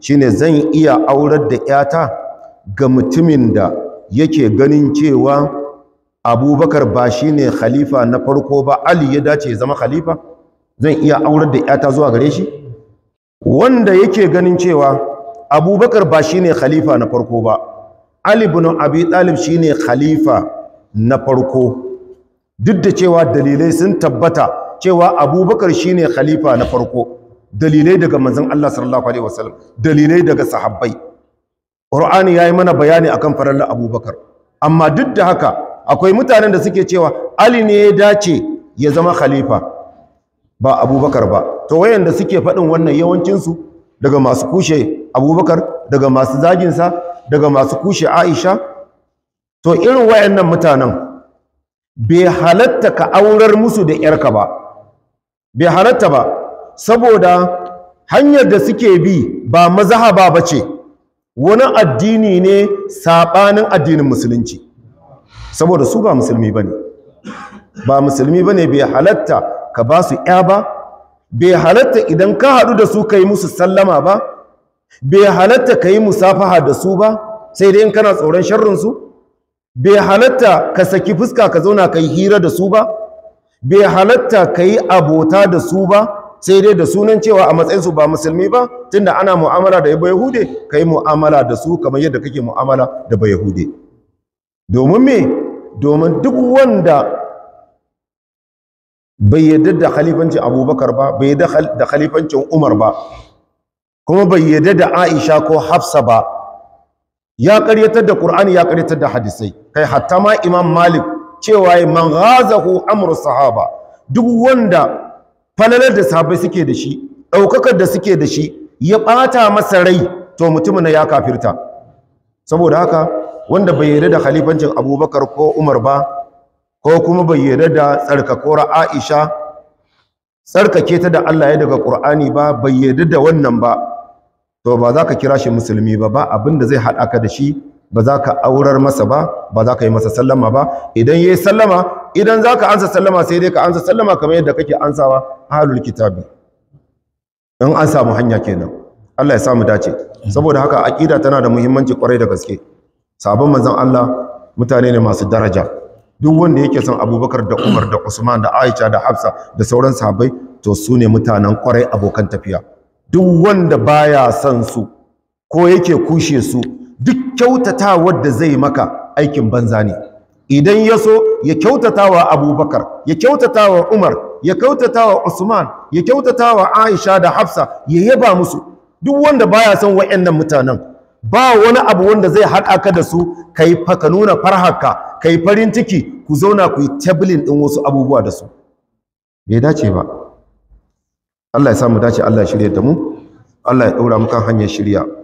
shine zan iya aurar da 'yata ga mutumin da yake ganin cewa abubakar ba shine khalifa na farko ba ali ya dace zama khalifa zan iya aurar da 'yata zuwa gare shi wanda yake ganin cewa abubakar ba shine khalifa na farko ba ali ibn abi talib shine khalifa na farko duk da cewa dalilai sun tabbata cewa abubakar shine khalifa na farko dalilai daga manzon Allah sallallahu alaihi wasallam dalilai daga sahabbai qur'ani yi mana bayani akan farallar abubakar amma duk da haka akwai mutanen da suke cewa ali ne ya dace ya zama khalifa ba abubakar ba to wayanda suke faɗin wannan yawancinsu daga masu kushe abubakar daga masu zaginsa daga masu kushe aisha to irin wayannan mutanen bai halatta ka aurar musu da yarka ba bai halatta ba saboda hanyar da suke bi ba mazahaba ba ce wani addini ne saɓanin addinin musulunci saboda su ba musulmi ba ne ba musulmi ba ne bai halatta ka ba su ya ba bai halatta idan ka haɗu da su ka yi musu sallama ba bai halatta ka yi musafaha da su ba sai dai in kana tsoron sharrinsu bai halatta ka saki fuska ka zauna ka yi hira da su ba bai halatta ka yi abota da su ba sai dai da sunan cewa a matsayin su ba musulmi ba tunda ana mu'amala da bayahude ka Kai mu'amala da su kamar yadda kake mu'amala da yahude domin me domin duk wanda bai yadda da khalifancin abubakar ba bai yadda da khalifancin umar ba kuma bai yadda da aisha ko hafsa ba ya karyatar da Kur'ani, ya karyatar da hadisai kai hatta ma imam malik cewa man ghazahu amru sahaba duk wanda falalar da sahabbai suke da shi ɗaukakar da suke da shi ya ɓata masa rai to mutumin ya kafirta saboda haka wanda bai yarda da Halifancin abubakar ko umar ba ko kuma bai yarda da tsarkakora aisha tsarkake ta da allah ya daga ƙur'ani ba bai da wannan ba to ba za ka kira shi musulmi ba ba abin da zai haɗa ka da shi ba za ka aurar masa ba ba za ka yi masa sallama ba idan ya yi sallama idan za ka ansa sallama sai dai ka ansa sallama kamar yadda kake ansawa halul kitabi in an samu hanya kenan Allah ya samu dace saboda haka aqida tana da muhimmanci kwarai da gaske sabon manzon Allah mutane ne masu daraja duk wanda yake son Abubakar da Umar da Usman da Aisha da Hafsa da sauran sahabbai to su ne mutanen kwarai abokan tafiya duk wanda baya son su ko yake kushe su duk kyautata wadda zai maka aikin banza ne idan ya so ya kyautata wa abubakar ya kyautata wa umar ya kyautata wa usman ya kyautata wa aisha da hafsa ya yaba musu duk wanda baya son wayannan mutanen ba wani abu wanda zai haɗa ka da su kai ka nuna farhaka kai farin ciki ku zauna ku yi tabling din wasu abubuwa da su bai dace ba Allah ya samu dace Allah ya shirye da mu Allah ya daura mu kan hanyar shirya